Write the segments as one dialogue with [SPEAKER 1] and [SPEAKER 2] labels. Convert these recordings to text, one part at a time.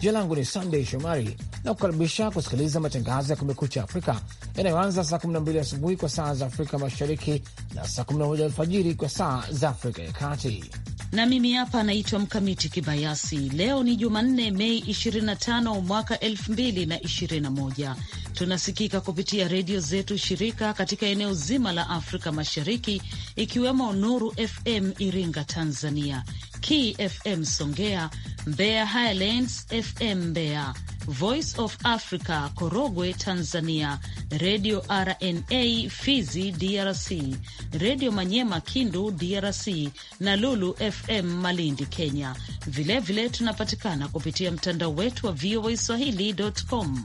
[SPEAKER 1] Jina langu ni Sandey Shomari na kukaribisha kusikiliza matangazo ya Kumekucha Afrika yanayoanza saa 12 asubuhi kwa saa za Afrika Mashariki na saa 11 alfajiri kwa saa za Afrika ya Kati.
[SPEAKER 2] Na mimi hapa naitwa Mkamiti Kibayasi. Leo ni Jumanne, Mei 25 mwaka 2021. Tunasikika kupitia redio zetu shirika katika eneo zima la Afrika Mashariki, ikiwemo Nuru FM Iringa Tanzania, KFM Songea, Mbeya Highlands FM Mbeya, Voice of Africa Korogwe Tanzania, Redio RNA Fizi DRC, Redio Manyema Kindu DRC na Lulu FM Malindi Kenya. Vilevile vile tunapatikana kupitia mtandao wetu wa VOA swahili.com.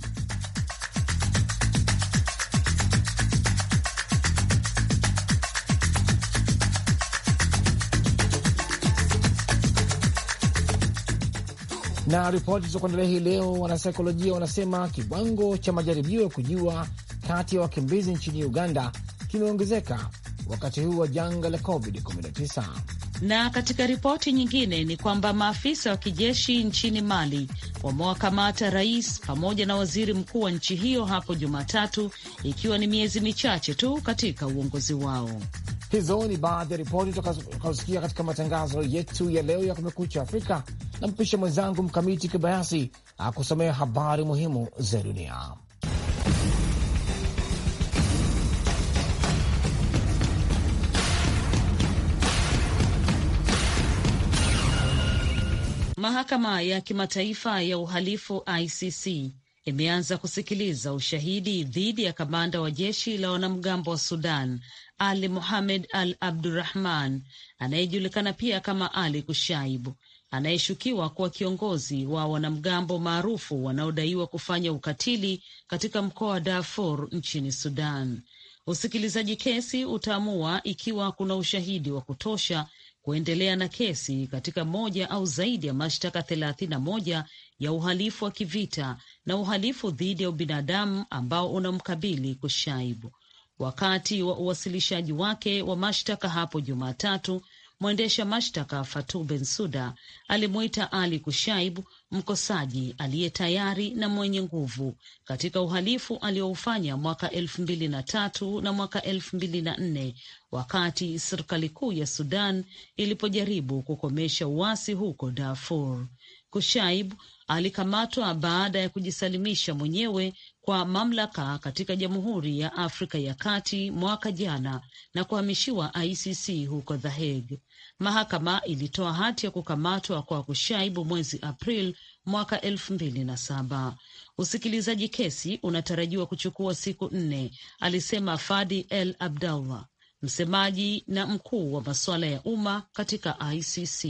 [SPEAKER 1] Na ripoti zilizokuendelea hii leo, wanasaikolojia wanasema kiwango cha majaribio ya kujua kati ya wakimbizi nchini Uganda kimeongezeka wakati huu wa janga la COVID-19.
[SPEAKER 2] Na katika ripoti nyingine ni kwamba maafisa wa kijeshi nchini Mali wamewakamata rais pamoja na waziri mkuu wa nchi hiyo hapo Jumatatu, ikiwa ni miezi michache tu katika uongozi wao. Hizo ni baadhi ya ripoti tukazosikia
[SPEAKER 1] katika matangazo yetu ya leo ya Kumekucha Afrika na mpisha mwenzangu Mkamiti Kibayasi akusomea habari muhimu za dunia.
[SPEAKER 2] Mahakama ya Kimataifa ya Uhalifu ICC imeanza kusikiliza ushahidi dhidi ya kamanda wa jeshi la wanamgambo wa Sudan Ali muhamed Al Abdurahman anayejulikana pia kama Ali Kushaibu anayeshukiwa kuwa kiongozi wa wanamgambo maarufu wanaodaiwa kufanya ukatili katika mkoa wa Darfur nchini Sudan. Usikilizaji kesi utaamua ikiwa kuna ushahidi wa kutosha kuendelea na kesi katika moja au zaidi ya mashtaka thelathini na moja ya uhalifu wa kivita na uhalifu dhidi ya ubinadamu ambao unamkabili Kushaibu. Wakati wa uwasilishaji wake wa mashtaka hapo Jumatatu, Mwendesha mashtaka ben suda alimwita Ali kushaib mkosaji aliye tayari na mwenye nguvu katika uhalifu aliyoufanya mwaka elfu mbili na tatu na mwaka elfu mbili na nne wakati serikali kuu ya Sudan ilipojaribu kukomesha uasi huko Darfur. Kushaib alikamatwa baada ya kujisalimisha mwenyewe kwa mamlaka katika Jamhuri ya Afrika ya Kati mwaka jana na kuhamishiwa ICC huko The Hague. Mahakama ilitoa hati ya kukamatwa kwa Kushaibu mwezi April mwaka elfu mbili na saba. Usikilizaji kesi unatarajiwa kuchukua siku nne, alisema Fadi El Abdallah, msemaji na mkuu wa masuala ya umma katika ICC.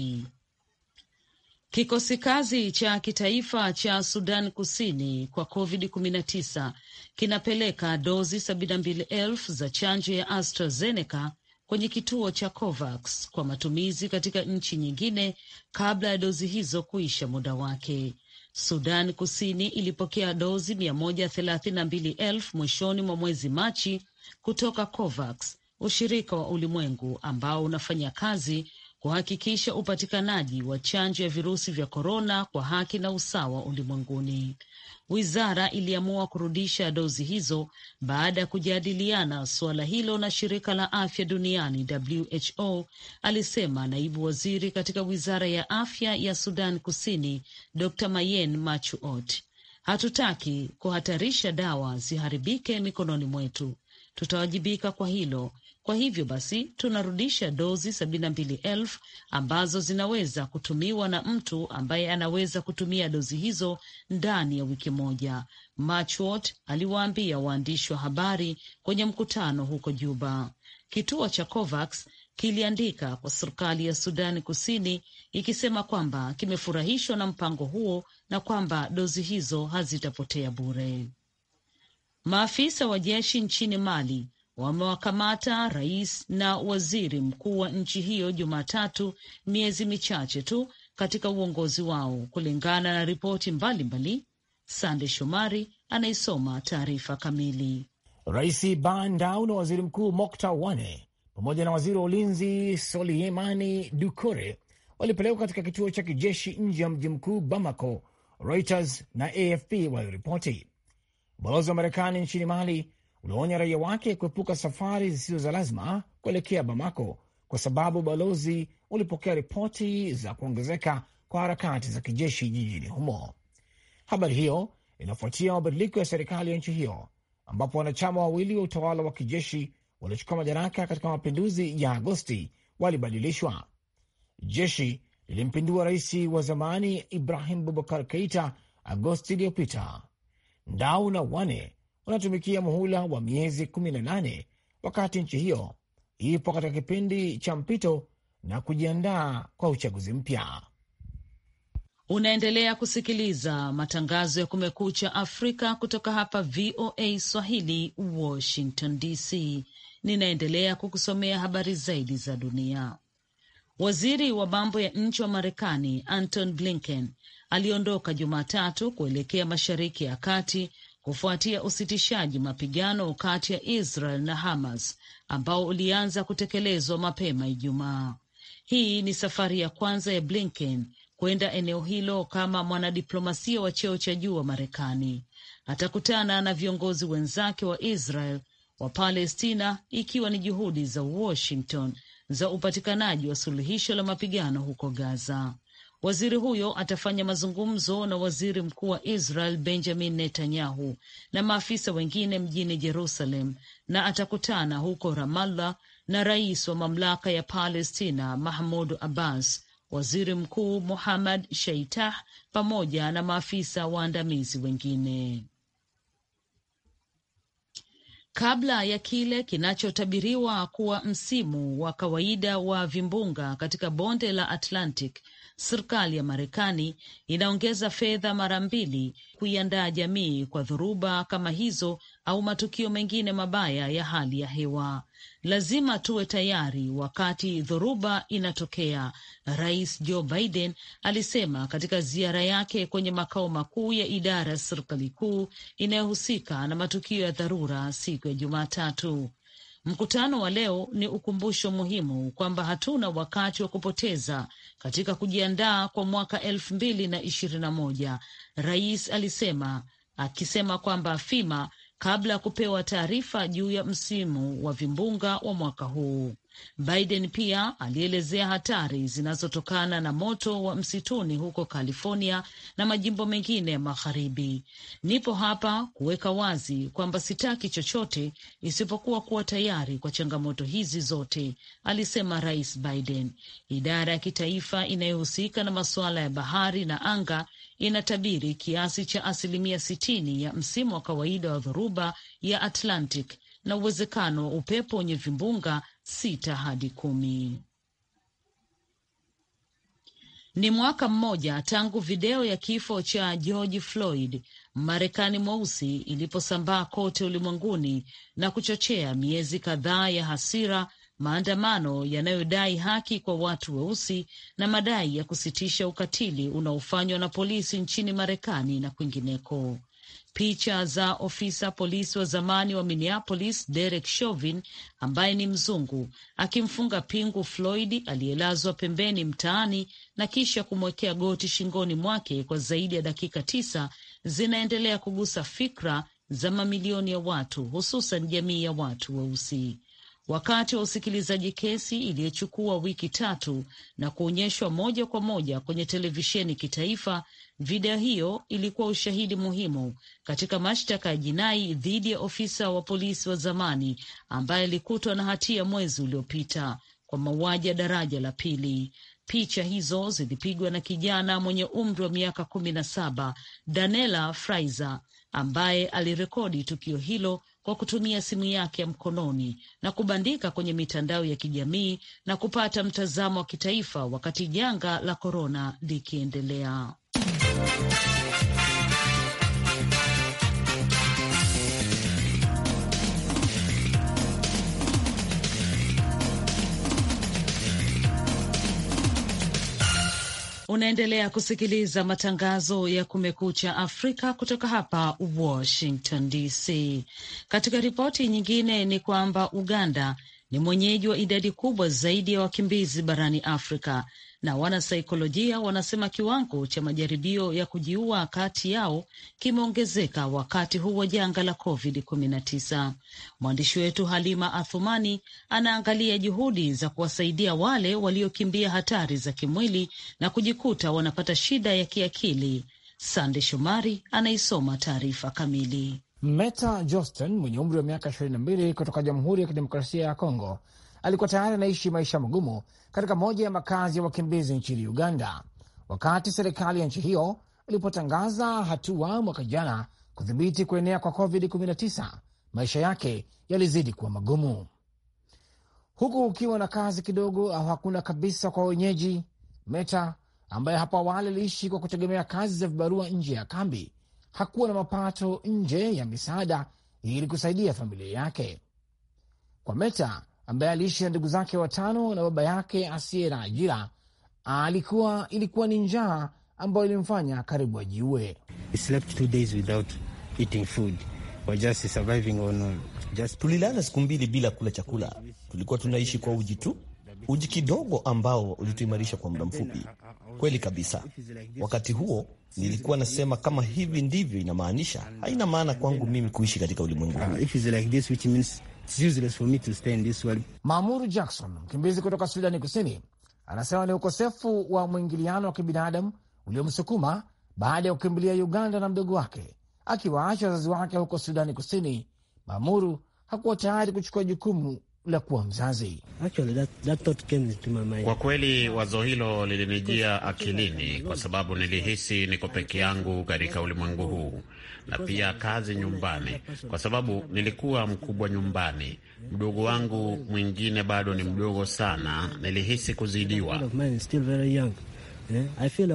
[SPEAKER 2] Kikosi kazi cha kitaifa cha Sudan Kusini kwa COVID-19 kinapeleka dozi 72,000 za chanjo ya AstraZeneca kwenye kituo cha COVAX kwa matumizi katika nchi nyingine kabla ya dozi hizo kuisha muda wake. Sudan Kusini ilipokea dozi 132,000 mwishoni mwa mwezi Machi kutoka COVAX, ushirika wa ulimwengu ambao unafanya kazi kuhakikisha upatikanaji wa chanjo ya virusi vya korona kwa haki na usawa ulimwenguni. Wizara iliamua kurudisha dozi hizo baada ya kujadiliana suala hilo na shirika la afya duniani WHO, alisema naibu waziri katika wizara ya afya ya Sudan Kusini, Dr Mayen Machuot. Hatutaki kuhatarisha dawa ziharibike mikononi mwetu, tutawajibika kwa hilo kwa hivyo basi tunarudisha dozi sabini na mbili elfu ambazo zinaweza kutumiwa na mtu ambaye anaweza kutumia dozi hizo ndani ya wiki moja, Machwot aliwaambia waandishi wa habari kwenye mkutano huko Juba. Kituo cha COVAX kiliandika kwa serikali ya Sudani Kusini ikisema kwamba kimefurahishwa na mpango huo na kwamba dozi hizo hazitapotea bure. Maafisa wa jeshi nchini Mali wamewakamata rais na waziri mkuu wa nchi hiyo Jumatatu, miezi michache tu katika uongozi wao, kulingana na ripoti mbalimbali. Sande Shomari anaisoma taarifa kamili. Rais Ban Dao na waziri mkuu Mokta Wane pamoja na waziri wa ulinzi Soliemani
[SPEAKER 1] Dukore walipelekwa katika kituo cha kijeshi nje ya mji mkuu Bamako, Reuters na AFP waliripoti. Balozi wa Marekani nchini Mali unaonya raia wake kuepuka safari zisizo za lazima kuelekea Bamako kwa sababu ubalozi ulipokea ripoti za kuongezeka kwa harakati za kijeshi jijini humo. Habari hiyo inafuatia mabadiliko ya serikali ya nchi hiyo ambapo wanachama wawili wa utawala wa kijeshi waliochukua madaraka katika mapinduzi ya Agosti walibadilishwa. Jeshi lilimpindua rais wa zamani Ibrahim Bubakar Keita Agosti iliyopita. Ndau na Wane unatumikia muhula wa miezi 18 wakati nchi hiyo ipo katika kipindi cha mpito na kujiandaa kwa uchaguzi mpya.
[SPEAKER 2] Unaendelea kusikiliza matangazo ya Kumekucha Afrika kutoka hapa VOA Swahili, Washington DC. Ninaendelea kukusomea habari zaidi za dunia. Waziri wa mambo ya nje wa Marekani Anton Blinken aliondoka Jumatatu kuelekea Mashariki ya Kati kufuatia usitishaji mapigano kati ya Israel na Hamas ambao ulianza kutekelezwa mapema Ijumaa. Hii ni safari ya kwanza ya Blinken kwenda eneo hilo kama mwanadiplomasia wa cheo cha juu wa Marekani. Atakutana na viongozi wenzake wa Israel, wa Palestina, ikiwa ni juhudi za Washington za upatikanaji wa suluhisho la mapigano huko Gaza. Waziri huyo atafanya mazungumzo na waziri mkuu wa Israel Benjamin Netanyahu na maafisa wengine mjini Jerusalem na atakutana huko Ramallah na rais wa mamlaka ya Palestina Mahmud Abbas, waziri mkuu Muhammad Sheitah pamoja na maafisa waandamizi wengine kabla ya kile kinachotabiriwa kuwa msimu wa kawaida wa vimbunga katika bonde la Atlantic serikali ya Marekani inaongeza fedha mara mbili kuiandaa jamii kwa dhoruba kama hizo au matukio mengine mabaya ya hali ya hewa. Lazima tuwe tayari wakati dhoruba inatokea, Rais Joe Biden alisema katika ziara yake kwenye makao makuu ya idara ya serikali kuu inayohusika na matukio ya dharura siku ya Jumatatu. Mkutano wa leo ni ukumbusho muhimu kwamba hatuna wakati wa kupoteza katika kujiandaa kwa mwaka elfu mbili na ishirini na moja, rais alisema, akisema kwamba FEMA kabla ya kupewa taarifa juu ya msimu wa vimbunga wa mwaka huu. Biden pia alielezea hatari zinazotokana na moto wa msituni huko California na majimbo mengine ya magharibi. Nipo hapa kuweka wazi kwamba sitaki chochote isipokuwa kuwa tayari kwa changamoto hizi zote, alisema Rais Biden. Idara ya kitaifa inayohusika na masuala ya bahari na anga inatabiri kiasi cha asilimia sitini ya msimu wa kawaida wa dhoruba ya Atlantic na uwezekano wa upepo wenye vimbunga sita hadi kumi. Ni mwaka mmoja tangu video ya kifo cha George Floyd, Marekani mweusi, iliposambaa kote ulimwenguni na kuchochea miezi kadhaa ya hasira, maandamano yanayodai haki kwa watu weusi na madai ya kusitisha ukatili unaofanywa na polisi nchini Marekani na kwingineko picha za ofisa polisi wa zamani wa Minneapolis Derek Chauvin ambaye ni mzungu akimfunga pingu Floyd aliyelazwa pembeni mtaani na kisha kumwekea goti shingoni mwake kwa zaidi ya dakika tisa zinaendelea kugusa fikra za mamilioni ya watu, hususan jamii ya watu weusi wa wakati wa usikilizaji kesi iliyochukua wiki tatu na kuonyeshwa moja kwa moja kwenye televisheni kitaifa. Video hiyo ilikuwa ushahidi muhimu katika mashtaka ya jinai dhidi ya ofisa wa polisi wa zamani ambaye alikutwa na hatia mwezi uliopita kwa mauaji ya daraja la pili. Picha hizo zilipigwa na kijana mwenye umri wa miaka kumi na saba Danela Fraiser ambaye alirekodi tukio hilo kwa kutumia simu yake ya mkononi na kubandika kwenye mitandao ya kijamii na kupata mtazamo wa kitaifa wakati janga la korona likiendelea. Unaendelea kusikiliza matangazo ya Kumekucha Afrika kutoka hapa Washington DC. Katika ripoti nyingine ni kwamba Uganda ni mwenyeji wa idadi kubwa zaidi ya wakimbizi barani Afrika na wanasaikolojia wanasema kiwango cha majaribio ya kujiua kati yao kimeongezeka wakati huu wa janga la COVID-19. Mwandishi wetu Halima Athumani anaangalia juhudi za kuwasaidia wale waliokimbia hatari za kimwili na kujikuta wanapata shida ya kiakili. Sande Shomari anaisoma taarifa kamili.
[SPEAKER 1] Meta Joston mwenye umri wa miaka 22 kutoka Jamhuri ya Kidemokrasia ya Kongo alikuwa tayari anaishi maisha magumu katika moja ya makazi ya wakimbizi nchini Uganda wakati serikali ya nchi hiyo ilipotangaza hatua mwaka jana kudhibiti kuenea kwa COVID-19, maisha yake yalizidi kuwa magumu, huku ukiwa na kazi kidogo au hakuna kabisa kwa wenyeji. Meta ambaye hapo awali aliishi kwa kutegemea kazi za vibarua nje ya kambi hakuwa na mapato nje ya misaada ili kusaidia familia yake. Kwa Meta, ambaye aliishi na ndugu zake watano na baba yake asiye na ajira alikuwa, ilikuwa ni njaa ambayo ilimfanya karibu ajiue.
[SPEAKER 3] Tulilala siku mbili bila kula chakula, tulikuwa tunaishi kwa uji tu, uji kidogo ambao ulituimarisha kwa muda mfupi. Kweli kabisa, wakati huo nilikuwa nasema kama hivi ndivyo inamaanisha, haina maana kwangu mimi kuishi katika ulimwengu huu. Uh, Mamuru Jackson, mkimbizi kutoka Sudani Kusini,
[SPEAKER 1] anasema ni ukosefu wa mwingiliano wa kibinadamu uliomsukuma baada ya kukimbilia Uganda na mdogo wake. Akiwaacha wazazi wake huko Sudani Kusini, Mamuru hakuwa tayari kuchukua jukumu la kuwa mzazi. Kwa
[SPEAKER 3] kweli wazo hilo lilinijia akilini kwa sababu nilihisi niko peke yangu katika ulimwengu huu, na pia kazi nyumbani, kwa sababu nilikuwa mkubwa nyumbani. Mdogo wangu mwingine bado ni mdogo sana, nilihisi kuzidiwa.
[SPEAKER 1] Eh?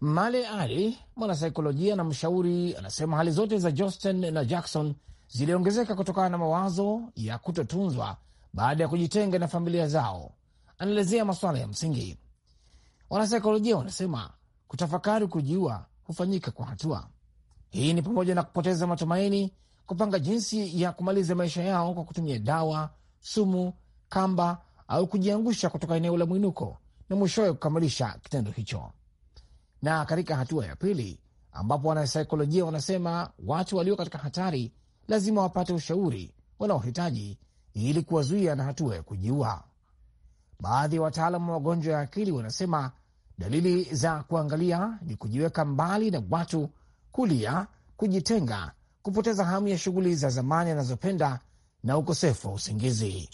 [SPEAKER 1] Male Ali, mwanasaikolojia na mshauri, anasema hali zote za Johnston na Jackson ziliongezeka kutokana na mawazo ya kutotunzwa baada ya kujitenga na familia zao. Anaelezea masuala ya msingi. Wanasaikolojia wanasema kutafakari kujiua hufanyika kwa hatua. Hii ni pamoja na kupoteza matumaini, kupanga jinsi ya kumaliza maisha yao kwa kutumia dawa, sumu, kamba au kujiangusha kutoka eneo la mwinuko na mwishowe kukamilisha kitendo hicho. Na katika hatua ya pili, ambapo wanasaikolojia wanasema watu walio katika hatari lazima wapate ushauri wanaohitaji ili kuwazuia na hatua ya kujiua. Baadhi ya wataalamu wa magonjwa ya akili wanasema dalili za kuangalia ni kujiweka mbali na watu, kulia, kujitenga, kupoteza hamu ya shughuli za zamani anazopenda na ukosefu wa usingizi.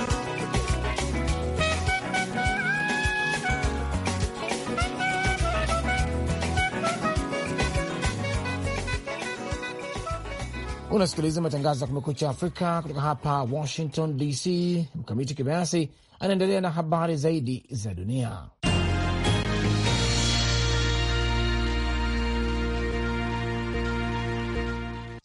[SPEAKER 1] Unasikiliza matangazo ya Kumekucha Afrika kutoka hapa Washington DC. Mkamiti Kibayasi anaendelea na habari zaidi za dunia.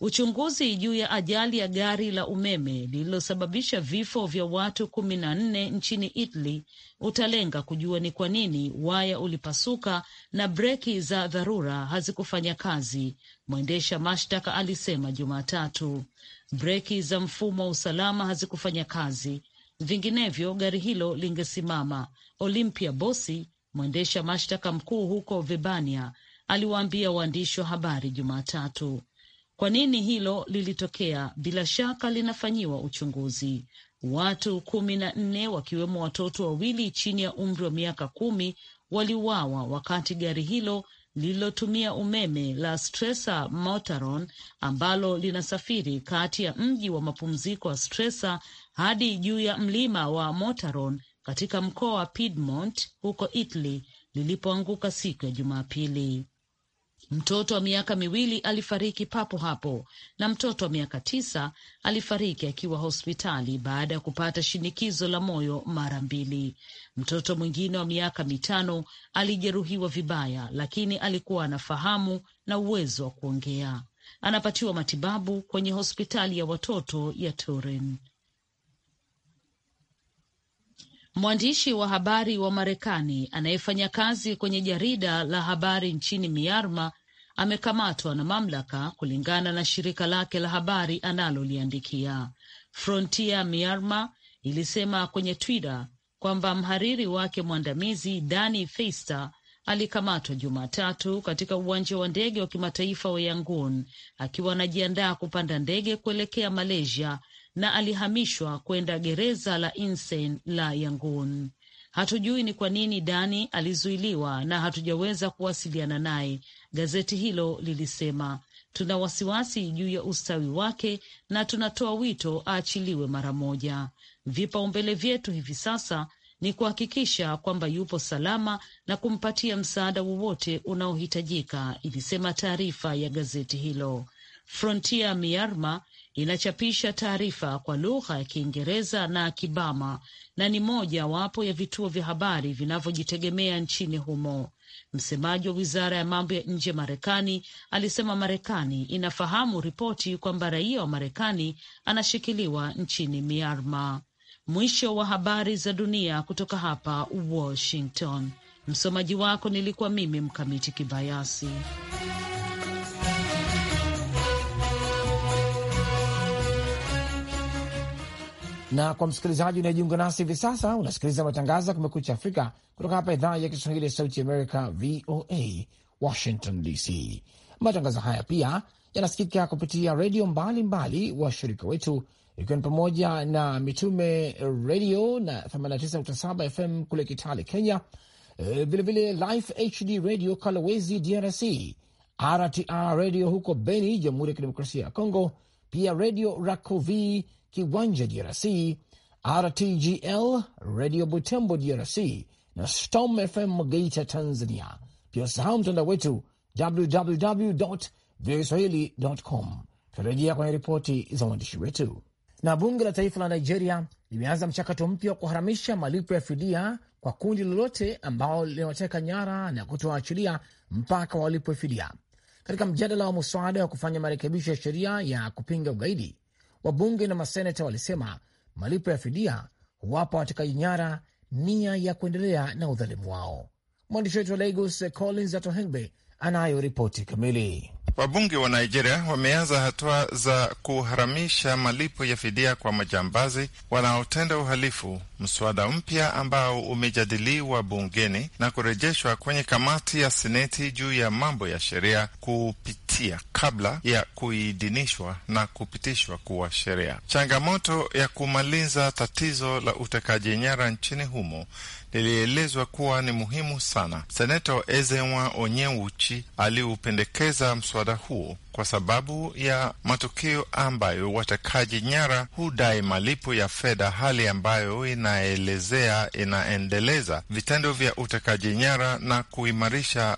[SPEAKER 2] Uchunguzi juu ya ajali ya gari la umeme lililosababisha vifo vya watu kumi na nne nchini Italy utalenga kujua ni kwa nini waya ulipasuka na breki za dharura hazikufanya kazi, mwendesha mashtaka alisema Jumatatu. Breki za mfumo wa usalama hazikufanya kazi, vinginevyo gari hilo lingesimama. Olimpia Bosi, mwendesha mashtaka mkuu huko Vibania, aliwaambia waandishi wa habari Jumatatu. Kwa nini hilo lilitokea, bila shaka linafanyiwa uchunguzi. Watu kumi na nne wakiwemo watoto wawili chini ya umri wa miaka kumi waliuawa wakati gari hilo lililotumia umeme la Stresa Motaron ambalo linasafiri kati ya mji wa mapumziko wa Stresa hadi juu ya mlima wa Motaron katika mkoa wa Piedmont huko Italy lilipoanguka siku ya Jumapili. Mtoto wa miaka miwili alifariki papo hapo na mtoto wa miaka tisa alifariki akiwa hospitali baada ya kupata shinikizo la moyo mara mbili. Mtoto mwingine wa miaka mitano alijeruhiwa vibaya, lakini alikuwa anafahamu na uwezo wa kuongea. Anapatiwa matibabu kwenye hospitali ya watoto ya Turin. Mwandishi wa habari wa Marekani anayefanya kazi kwenye jarida la habari nchini Myanmar amekamatwa na mamlaka, kulingana na shirika lake la habari analoliandikia. Frontier Myanmar ilisema kwenye Twitter kwamba mhariri wake mwandamizi dani Feister alikamatwa Jumatatu katika uwanja wa ndege wa kimataifa wa Yangon akiwa anajiandaa kupanda ndege kuelekea Malaysia na alihamishwa kwenda gereza la Insein la Yangon. Hatujui ni kwa nini Dani alizuiliwa na hatujaweza kuwasiliana naye, gazeti hilo lilisema. Tuna wasiwasi juu ya ustawi wake na tunatoa wito aachiliwe mara moja. Vipaumbele vyetu hivi sasa ni kuhakikisha kwamba yupo salama na kumpatia msaada wowote unaohitajika, ilisema taarifa ya gazeti hilo. Frontier Myanmar inachapisha taarifa kwa lugha ya Kiingereza na Kibama na ni moja wapo ya vituo vya habari vinavyojitegemea nchini humo. Msemaji wa wizara ya mambo ya nje Marekani alisema Marekani inafahamu ripoti kwamba raia wa Marekani anashikiliwa nchini Myanmar. Mwisho wa habari za dunia kutoka hapa Washington. Msomaji wako nilikuwa mimi Mkamiti Kibayasi.
[SPEAKER 1] Na kwa msikilizaji unayejiunga nasi hivi sasa, unasikiliza matangazo ya Kumekucha Afrika kutoka hapa idhaa ya Kiswahili ya Sauti Amerika, VOA Washington DC. Matangazo haya pia yanasikika kupitia redio mbalimbali wa shirika wetu, ikiwa ni pamoja na Mitume Redio na 89.7 FM kule Kitale, Kenya, vilevile Life HD Radio Kalawezi, DRC, RTR Radio huko Beni, Jamhuri ya Kidemokrasia ya Kongo, pia Redio Racovi Kiwanja DRC, RTGL Radio Butembo DRC na Storm FM Geita Tanzania. Pia usahau mtandao wetu www voa swahili com. Tutarejea kwenye ripoti za waandishi wetu. Na bunge la taifa la Nigeria limeanza mchakato mpya wa kuharamisha malipo ya fidia kwa kundi lolote ambao linawateka nyara na kutoachilia mpaka walipwe fidia. Katika mjadala wa muswada wa kufanya marekebisho ya sheria ya kupinga ugaidi, wabunge na maseneta walisema malipo ya fidia huwapa watekaji nyara nia ya kuendelea na udhalimu wao. Mwandishi wetu wa Lagos Collins Atohengbe anayo ripoti kamili.
[SPEAKER 4] Wabunge wa Nigeria wameanza hatua za kuharamisha malipo ya fidia kwa majambazi wanaotenda uhalifu, mswada mpya ambao umejadiliwa bungeni na kurejeshwa kwenye kamati ya seneti juu ya mambo ya sheria kupitia kabla ya kuidhinishwa na kupitishwa kuwa sheria. Changamoto ya kumaliza tatizo la utekaji nyara nchini humo ilielezwa kuwa ni muhimu sana. Senato Ezenwa Onyewuchi aliupendekeza mswada huo kwa sababu ya matukio ambayo watekaji nyara hudai malipo ya fedha, hali ambayo inaelezea inaendeleza vitendo vya utekaji nyara na kuimarisha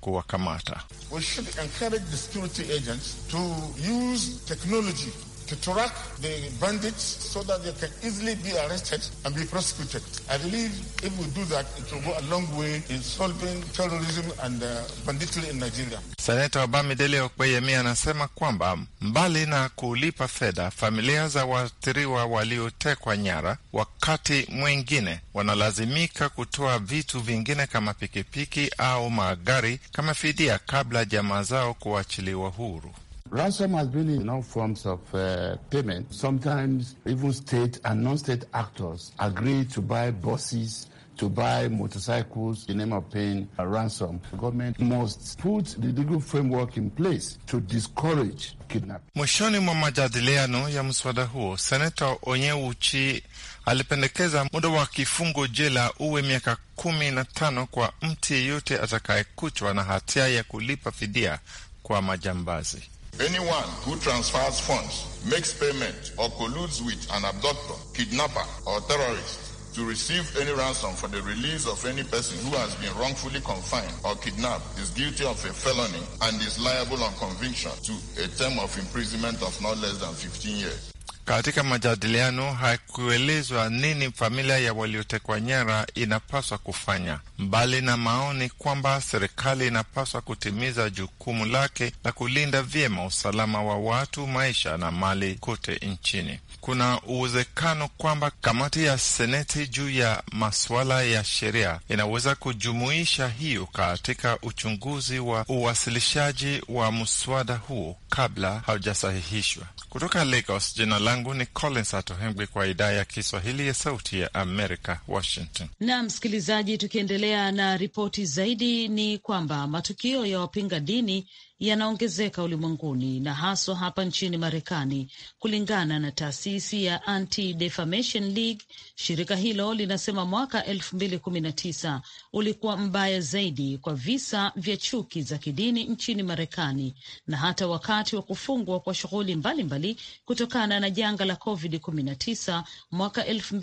[SPEAKER 4] kuwakamata. We should encourage the security agents to use technology to track the bandits so that they can easily be arrested and be prosecuted. I believe if we do that, it will go a long way in solving terrorism and uh, banditry in Nigeria. Seneta Bamidele Okweyemi anasema kwamba mbali na kulipa fedha, familia za waathiriwa waliotekwa nyara wakati mwingine wanalazimika kutoa vitu vingine kama pikipiki au magari kama fidia kabla jamaa zao kuachiliwa huru. Ransom has been in all forms of uh, payment. Sometimes even state and non-state actors agree to buy buses to buy motorcycles in name of paying a ransom. The government must put the legal framework in place to discourage kidnapping. Mwishoni mwa majadiliano ya mswada huo, Seneta Onyeuchi alipendekeza muda wa kifungo jela uwe miaka kumi na tano kwa mtu yeyote atakayekutwa na hatia ya kulipa fidia kwa majambazi. Anyone who transfers funds, makes payment, or colludes with an abductor, kidnapper, or terrorist to receive any ransom for the release of any person who has been wrongfully confined or kidnapped is guilty of a felony and is liable on conviction to a term of imprisonment of not less than 15 years. Katika majadiliano hakuelezwa nini familia ya waliotekwa nyara inapaswa kufanya, mbali na maoni kwamba serikali inapaswa kutimiza jukumu lake la kulinda vyema usalama wa watu, maisha na mali kote nchini kuna uwezekano kwamba kamati ya Seneti juu ya masuala ya sheria inaweza kujumuisha hiyo katika uchunguzi wa uwasilishaji wa mswada huo kabla haujasahihishwa. Kutoka Lagos, jina langu ni Collins Atohengwi kwa idhaa ya Kiswahili ya Sauti ya Amerika, Washington.
[SPEAKER 2] Na msikilizaji, tukiendelea na ripoti zaidi ni kwamba matukio ya wapinga dini yanaongezeka ulimwenguni na haswa hapa nchini Marekani, kulingana na taasisi ya Anti-Defamation League. Shirika hilo linasema mwaka 219 ulikuwa mbaya zaidi kwa visa vya chuki za kidini nchini Marekani, na hata wakati wa kufungwa kwa shughuli mbalimbali kutokana na janga la Covid 19 mwaka elfu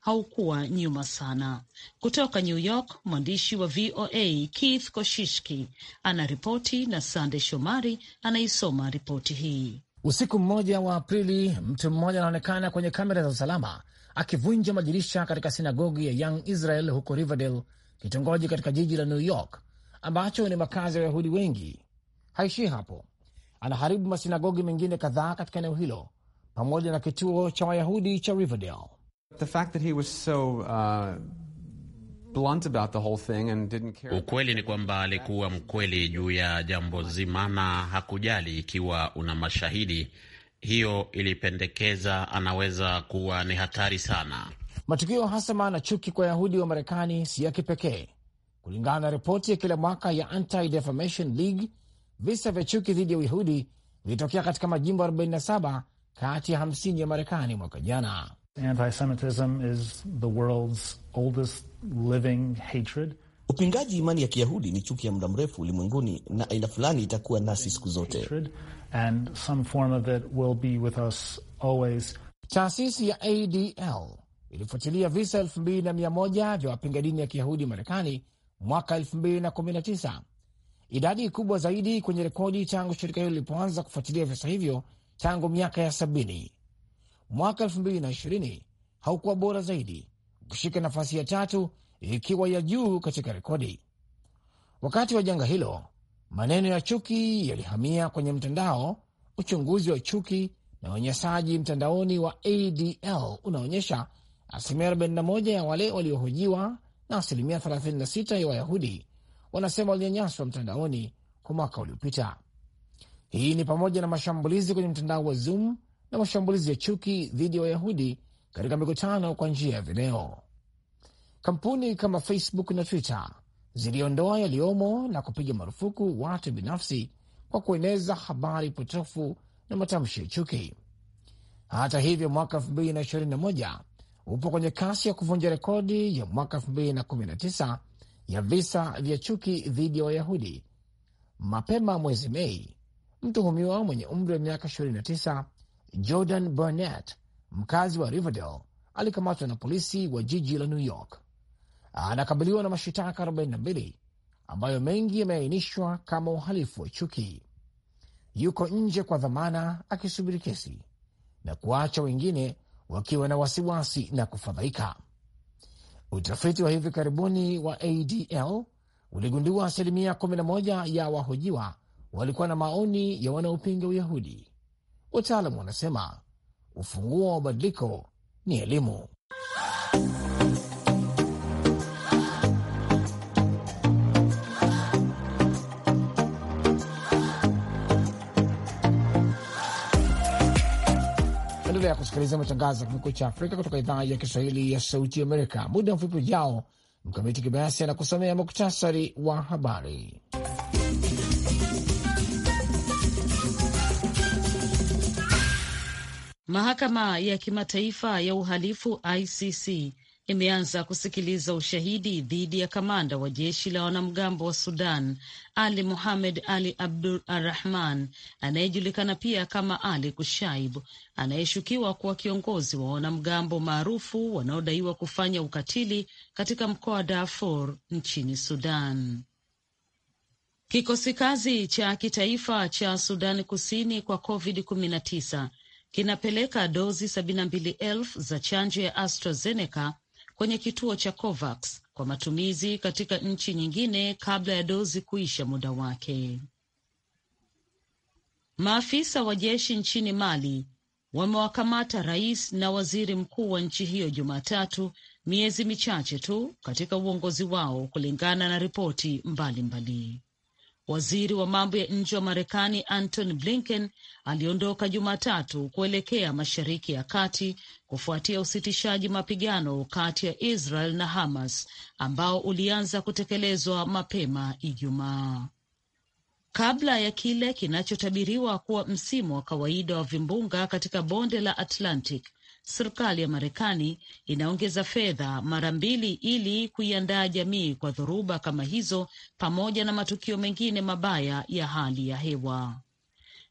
[SPEAKER 2] haukuwa nyuma sana. Kutoka New York, mwandishi wa VOA Keith Koshishki anaripoti ripoti na Sande Shomari anaisoma ripoti hii.
[SPEAKER 1] Usiku mmoja wa Aprili, mtu mmoja anaonekana kwenye kamera za usalama akivunja madirisha katika sinagogi ya Young Israel huko Riverdale, kitongoji katika jiji la New York ambacho ni makazi ya Wayahudi wengi. Haishii hapo, anaharibu masinagogi mengine kadhaa katika eneo hilo pamoja na kituo cha Wayahudi cha Riverdale. The fact that he was so, uh
[SPEAKER 2] blunt about the whole thing and didn't care.
[SPEAKER 3] Ukweli ni kwamba alikuwa mkweli juu ya jambo zima na hakujali ikiwa una mashahidi. Hiyo ilipendekeza anaweza kuwa ni hatari sana.
[SPEAKER 1] Matukio hasama na chuki kwa Yahudi wa Marekani si ya kipekee. Kulingana na ripoti ya kila mwaka ya Anti-Defamation League, visa vya chuki dhidi ya Uyahudi vilitokea katika majimbo 47 kati ya 50 ya
[SPEAKER 3] Marekani mwaka jana. Antisemitism is the world's oldest living hatred. Upingaji imani ya Kiyahudi ni chuki ya muda mrefu ulimwenguni, na aina fulani itakuwa nasi siku zote.
[SPEAKER 1] Taasisi ya ADL ilifuatilia visa 2100 vya wapinga dini ya Kiyahudi Marekani mwaka 2019, idadi kubwa zaidi kwenye rekodi tangu shirika hilo lilipoanza kufuatilia visa hivyo tangu miaka ya 70. Mwaka 2020 haukuwa bora zaidi kushika nafasi ya tatu ikiwa ya juu katika rekodi. Wakati wa janga hilo, maneno ya chuki yalihamia kwenye mtandao. Uchunguzi wa chuki na unyanyasaji mtandaoni wa ADL unaonyesha asilimia 41 ya wale waliohojiwa na asilimia 36 ya Wayahudi wanasema walinyanyaswa mtandaoni kwa mwaka uliopita. Hii ni pamoja na mashambulizi kwenye mtandao wa Zoom na mashambulizi ya chuki dhidi ya Wayahudi katika mikutano kwa njia ya video. Kampuni kama Facebook na Twitter ziliondoa yaliyomo na kupiga marufuku watu binafsi kwa kueneza habari potofu na matamshi ya chuki. Hata hivyo, mwaka 2021 upo kwenye kasi ya kuvunja rekodi ya mwaka 2019 ya visa vya chuki dhidi ya Wayahudi. Mapema mwezi Mei, mtuhumiwa mwenye umri wa miaka 29 Jordan Burnett mkazi wa Riverdale, alikamatwa na polisi wa jiji la New York. Anakabiliwa na mashitaka 42 ambayo mengi yameainishwa kama uhalifu wa chuki. Yuko nje kwa dhamana akisubiri kesi na kuacha wengine wakiwa na wasiwasi na kufadhaika. Utafiti wa hivi karibuni wa ADL uligundua asilimia 11 ya wahojiwa walikuwa na maoni ya wanaopinga Uyahudi. Wataalamu wanasema ufunguo wa mabadiliko ni elimu. Endelea kusikiliza matangazo ya Kumekucha Afrika kutoka idhaa ya Kiswahili ya Sauti Amerika. Muda mfupi ujao, Mkamiti Kibayasi anakusomea muktasari wa habari.
[SPEAKER 2] Mahakama ya Kimataifa ya Uhalifu ICC imeanza kusikiliza ushahidi dhidi ya kamanda wa jeshi la wanamgambo wa Sudan Ali muhamed Ali Abdul Arrahman anayejulikana pia kama Ali Kushaib anayeshukiwa kuwa kiongozi wa wanamgambo maarufu wanaodaiwa kufanya ukatili katika mkoa wa Darfur nchini Sudan. Kikosi kazi cha kitaifa cha Sudani Kusini kwa COVID-19 kinapeleka dozi sabini na mbili elfu za chanjo ya AstraZeneca kwenye kituo cha COVAX kwa matumizi katika nchi nyingine kabla ya dozi kuisha muda wake. Maafisa wa jeshi nchini Mali wamewakamata rais na waziri mkuu wa nchi hiyo Jumatatu, miezi michache tu katika uongozi wao, kulingana na ripoti mbalimbali. Waziri wa mambo ya nje wa Marekani Antony Blinken aliondoka Jumatatu kuelekea Mashariki ya Kati kufuatia usitishaji mapigano kati ya Israel na Hamas ambao ulianza kutekelezwa mapema Ijumaa kabla ya kile kinachotabiriwa kuwa msimu wa kawaida wa vimbunga katika bonde la Atlantic serikali ya Marekani inaongeza fedha mara mbili ili kuiandaa jamii kwa dhoruba kama hizo pamoja na matukio mengine mabaya ya hali ya hewa.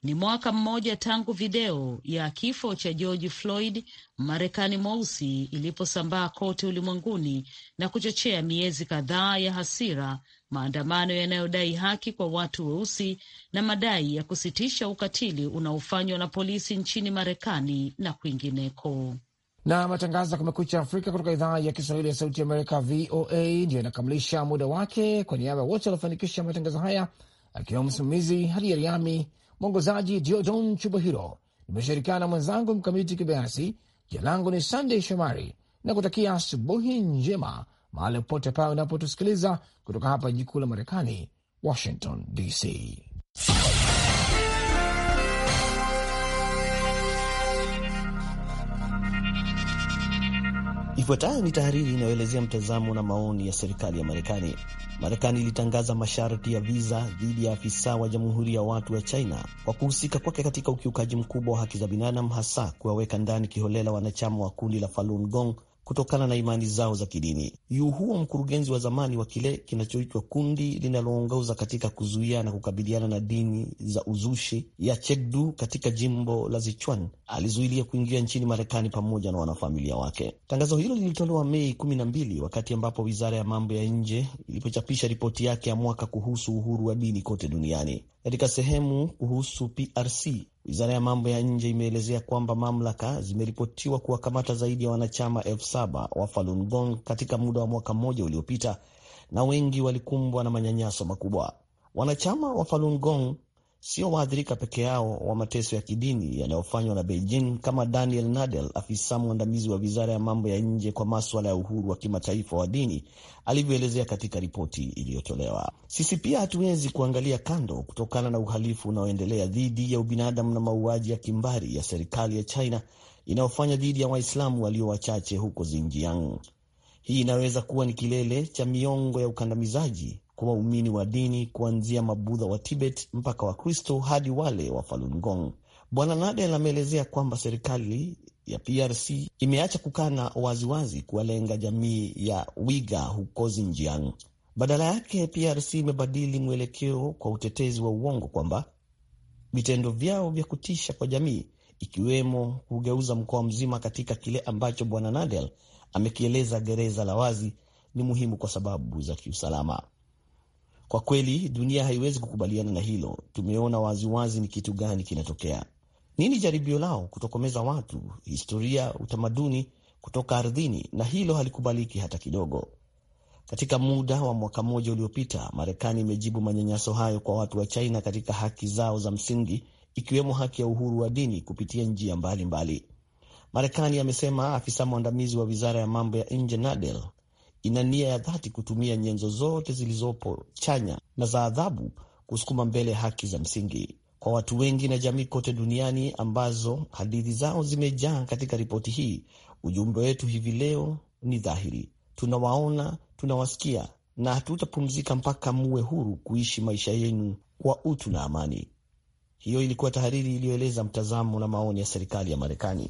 [SPEAKER 2] Ni mwaka mmoja tangu video ya kifo cha George Floyd, Marekani mweusi, iliposambaa kote ulimwenguni na kuchochea miezi kadhaa ya hasira maandamano yanayodai haki kwa watu weusi na madai ya kusitisha ukatili unaofanywa na polisi nchini Marekani na kwingineko.
[SPEAKER 1] Na matangazo ya Kumekucha Afrika kutoka idhaa ya Kiswahili ya Sauti Amerika, VOA, ndiyo yanakamilisha muda wake. Kwa niaba ya wote waliofanikisha matangazo haya, akiwa msimamizi Hadi Yariami, mwongozaji Diodon Chubahiro, nimeshirikiana na mwenzangu Mkamiti Kibayasi. Jina langu ni Sandey Shomari na kutakia asubuhi njema mahali popote pale unapotusikiliza kutoka hapa jiji kuu la Marekani, Washington DC.
[SPEAKER 3] Ifuatayo ni tahariri inayoelezea mtazamo na maoni ya serikali ya Marekani. Marekani ilitangaza masharti ya viza dhidi ya afisa wa Jamhuri ya Watu wa China kwa kuhusika kwake katika ukiukaji mkubwa wa haki za binadamu, hasa kuwaweka ndani kiholela wanachama wa kundi la Falun Gong kutokana na imani zao za kidini. Yu huo mkurugenzi wa zamani wa kile kinachoitwa kundi linaloongoza katika kuzuia na kukabiliana na dini za uzushi ya Chegdu katika jimbo la zichwan alizuilia kuingia nchini Marekani pamoja na wanafamilia wake. Tangazo hilo lilitolewa Mei 12 wakati ambapo wizara ya mambo ya nje ilipochapisha ripoti yake ya mwaka kuhusu uhuru wa dini kote duniani. Katika sehemu kuhusu PRC, wizara ya mambo ya nje imeelezea kwamba mamlaka zimeripotiwa kuwakamata zaidi ya wanachama elfu saba wa Falun Gong katika muda wa mwaka mmoja uliopita, na wengi walikumbwa na manyanyaso makubwa. Wanachama wa Falun Gong sio waathirika peke yao wa mateso ya kidini yanayofanywa na Beijing, kama Daniel Nadel, afisa mwandamizi wa wizara ya mambo ya nje kwa maswala ya uhuru wa kimataifa wa dini, alivyoelezea katika ripoti iliyotolewa. Sisi pia hatuwezi kuangalia kando kutokana na uhalifu unaoendelea dhidi ya ubinadamu na mauaji ya kimbari ya serikali ya China inayofanya dhidi ya Waislamu walio wachache huko Xinjiang. Hii inaweza kuwa ni kilele cha miongo ya ukandamizaji kwa waumini wa dini kuanzia mabudha wa Tibet mpaka Wakristo hadi wale wa Falun Gong. Bwana Nadel ameelezea kwamba serikali ya PRC imeacha kukana waziwazi kuwalenga jamii ya Wiga huko zinjiang Badala yake, PRC imebadili mwelekeo kwa utetezi wa uongo kwamba vitendo vyao vya kutisha kwa jamii, ikiwemo kugeuza mkoa mzima katika kile ambacho Bwana Nadel amekieleza gereza la wazi, ni muhimu kwa sababu za kiusalama. Kwa kweli dunia haiwezi kukubaliana na hilo. Tumeona waziwazi ni kitu gani kinatokea. Nini jaribio lao? Kutokomeza watu, historia, utamaduni kutoka ardhini, na hilo halikubaliki hata kidogo. Katika muda wa mwaka mmoja uliopita, Marekani imejibu manyanyaso hayo kwa watu wa China katika haki zao za msingi, ikiwemo haki ya uhuru wa dini kupitia njia mbalimbali. Marekani, amesema afisa mwandamizi wa wizara ya mambo ya nje Nadel ina nia ya dhati kutumia nyenzo zote zilizopo chanya na za adhabu kusukuma mbele haki za msingi kwa watu wengi na jamii kote duniani ambazo hadithi zao zimejaa katika ripoti hii. Ujumbe wetu hivi leo ni dhahiri: tunawaona, tunawasikia na hatutapumzika mpaka muwe huru kuishi maisha yenu kwa utu na amani. Hiyo ilikuwa tahariri iliyoeleza mtazamo na maoni ya serikali ya Marekani.